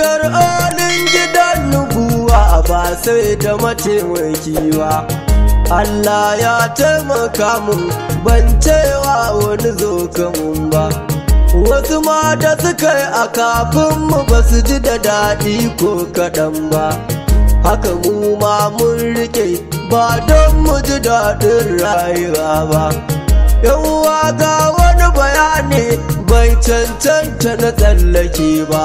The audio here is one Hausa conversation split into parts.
biyar alin gidan nubuwa ba sai da mataimaki ba Allah ya taimaka mun ban cewa wani zo kamun ba wasu mata suka yi a kafin mu ba su ji da daɗi ko kaɗan ba haka mu ma mun rike ba don mu ji daɗin rayuwa ba yawwa ga wani bayani bai cancanta na tsallake ba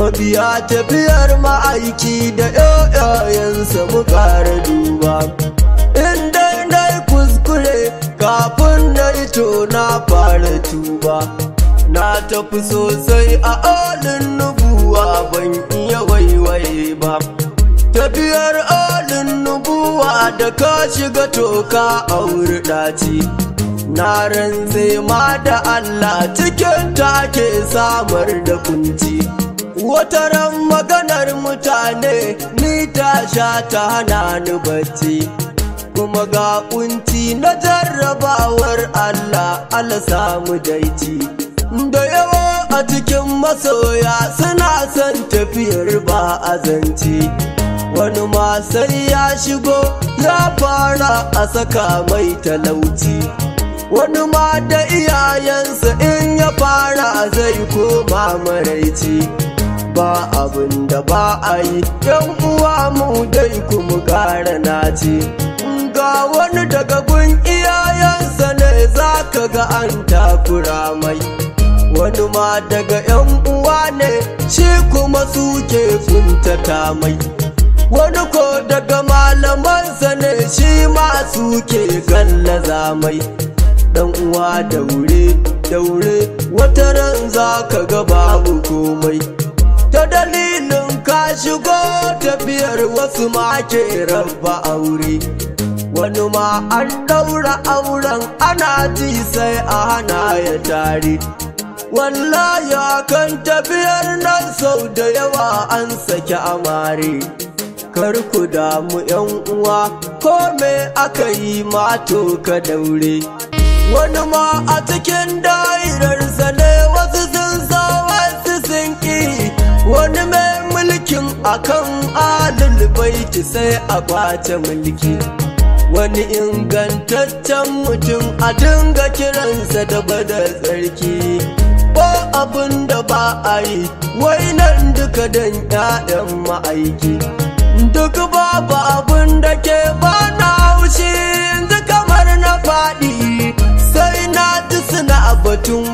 mabiya tafiyar ma'aiki da yayayensa muka duba in dai na kuskure kafin na ito na fara tuba na tafi sosai a alin nubuwa ban iya waiwaye ba tafiyar alin nubuwa da ka shiga toka a wuri ɗaci na rantse ma da Allah cikin take samar da kunci ran maganar mutane ni ta sha ta hana ni bacci kuma ga kunci na jarrabawar Allah Allah samu daici da yawa a cikin masoya suna son tafiyar ba azanci wani ma sai ya shigo ya fara a saka mai talauci wani ma da iyayensa in ya fara zai koma maraici. ba abin da ba a yi yan uwa mu dai kuma gara na ce ga wani daga gun iyayensa ne za ka ga an takura mai wani ma daga yan uwa ne shi kuma suke funtata mai wani ko daga malamansa ne shi ma suke gallaza mai dan uwa daure daure ran za ka ga babu komai ta dalilin ka shigo tafiyar wasu ma ke rabba aure wani ma an daura auren ana ji sai a hana ya tare wallahi kan tafiyar nan sau da yawa an saki amare kar ku damu yan uwa ko me aka yi mato ka daure wani ma a cikin dairar sana albaiti sai a kwace mulki wani ingantaccen mutum a dinga kiransa da bada tsarki ko abin da ba a yi wai nan duka don 'ya'yan ma'aiki duk babu abin da ke ba na haushi yanzu kamar na faɗi sai na ji suna batun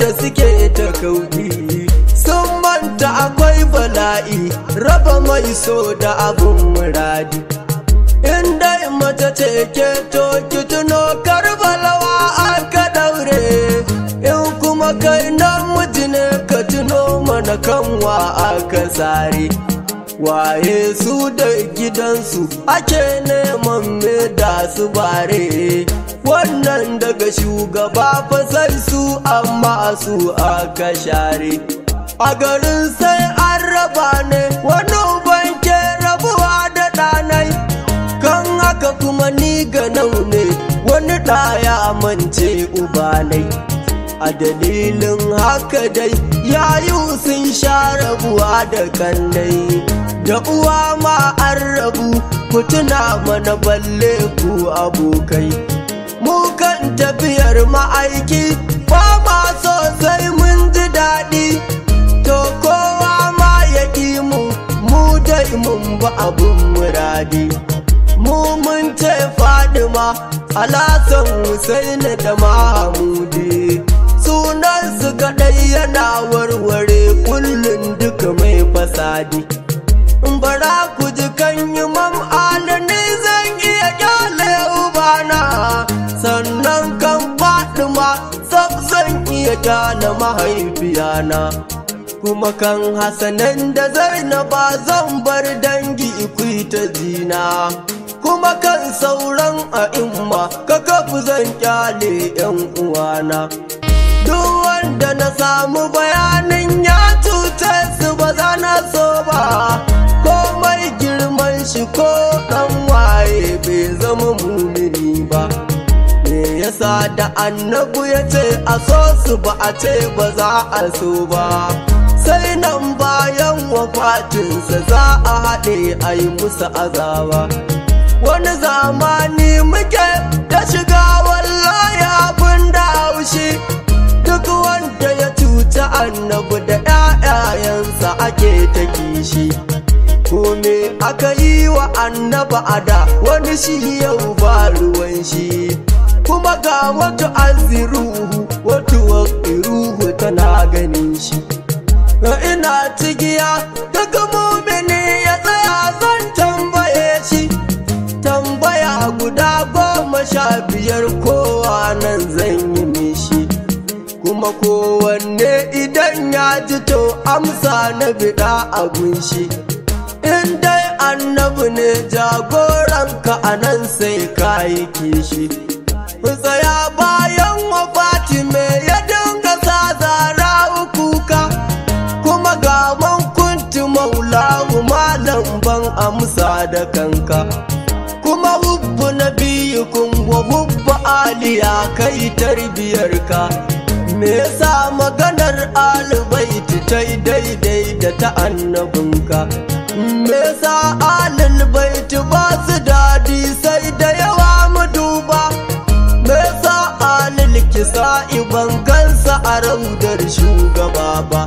ta suke ta kauti sun manta akwai bala'i raba mai so da abun muradi in dai mace ce ke to ki tuno karbalawa a ka daure in kuma kai na miji ne ka tuno mana kanwa aka tsari waye su da gidansu ake neman me da su bare wannan daga shugaba san su amma su aka share a garin sai an raba ne wani banke rabuwa da ɗanai kan haka kuma ni ga ne wani ya mance ubanai a dalilin haka dai yayu sun sha rabuwa da kannai da uwa ma an rabu ku tuna mana balle ku abokai mu kan tafiyar ma'aiki ba ma so mun ji daɗi to kowa ma ya ki mu mu dai mun ba abin muradi mu mun ce fadima alasan husaini da mahamudi sunan su kaɗai yana warware kullum duka mai fasadi in bara ku ji kan yi mam gayyata na mahaifiyana kuma kan hasanan da zainaba zan bar dangi ikuita ta zina kuma kan sauran a a'imma ka kafu zan kyale yan uwana duk wanda na samu bayanin ya cutar su ba za na so ba komai girman shi ko dan waye bai zama mumini ba me yasa da annabu ya ce a so su ba a ce ba za a so ba sai nan bayan wafatinsa za a haɗe a yi musu azaba wani zamani muke da shiga wallahi abin da haushi duk wanda ya cuta annabu da 'ya'yansa ake ta kishi kome aka yi wa annaba ada wani shi yau ba ruwan shi kuma ga wata aziruhu wata ruhu tana ganin shi ina cigiya daga mumini ya tsaya zan tambaye shi tambaya guda goma sha biyar kowa nan zan yi mishi kuma kowanne idan ya ji to amsa na bida abin shi in dai annabu ne jagoranka a nan sai ka kayi kishi tsaya bayan wafati me ya dinga sa zara kuka kuma gaban kunti maulawu malam ban amsa da kanka kuma hubbu na biyu kun wa hubbu ya kai tarbiyarka me yasa maganar alibaiti ta daidai da ta annabinka me yasa alil baiti ba su dadi sai dai sa'i ban gansa a raudar shugaba ba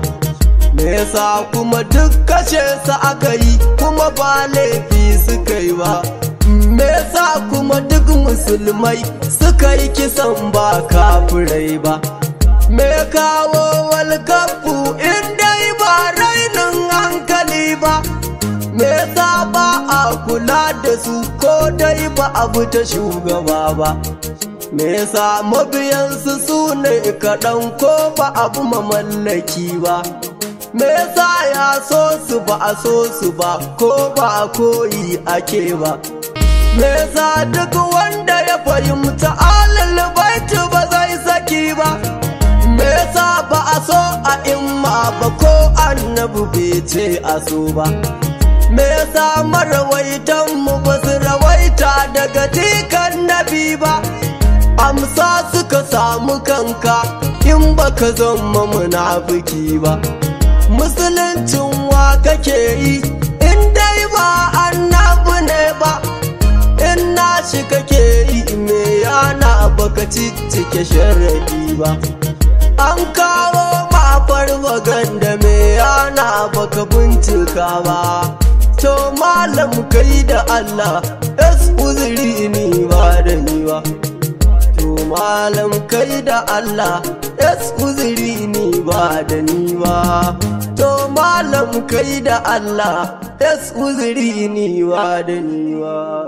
me yasa kuma duk kashe sa aka yi kuma ba laifi suka yi ba me yasa kuma duk musulmai suka yi kisan ba kafirai ba me kawo walkafu in dai ba rainin hankali ba me yasa ba a kula da su ko dai ba abu ta shugaba ba me yasa mabiyansu su ne kaɗan ko ba abu mamallaki ba me yasa ya so su ba a so su ba ko ba a koyi ake ba me yasa duk wanda ya fahimta alal ba zai saki ba me yasa ba a so a imma ba ko annabi bai ce a so ba me yasa mara sa suka samu kanka in baka zama munafiki ba musuluncin wa kake yi in dai ba annabi ne ba in shi kake yi me yana baka cike sharadi ba an kawo mafar maganda me yana baka bincika ba to malam kai da allah es uzuri ni ba da ni ba to malam kai da Allah es uzuri ni ba da ni ba to malam kai da Allah es uzuri ni ba da ni ba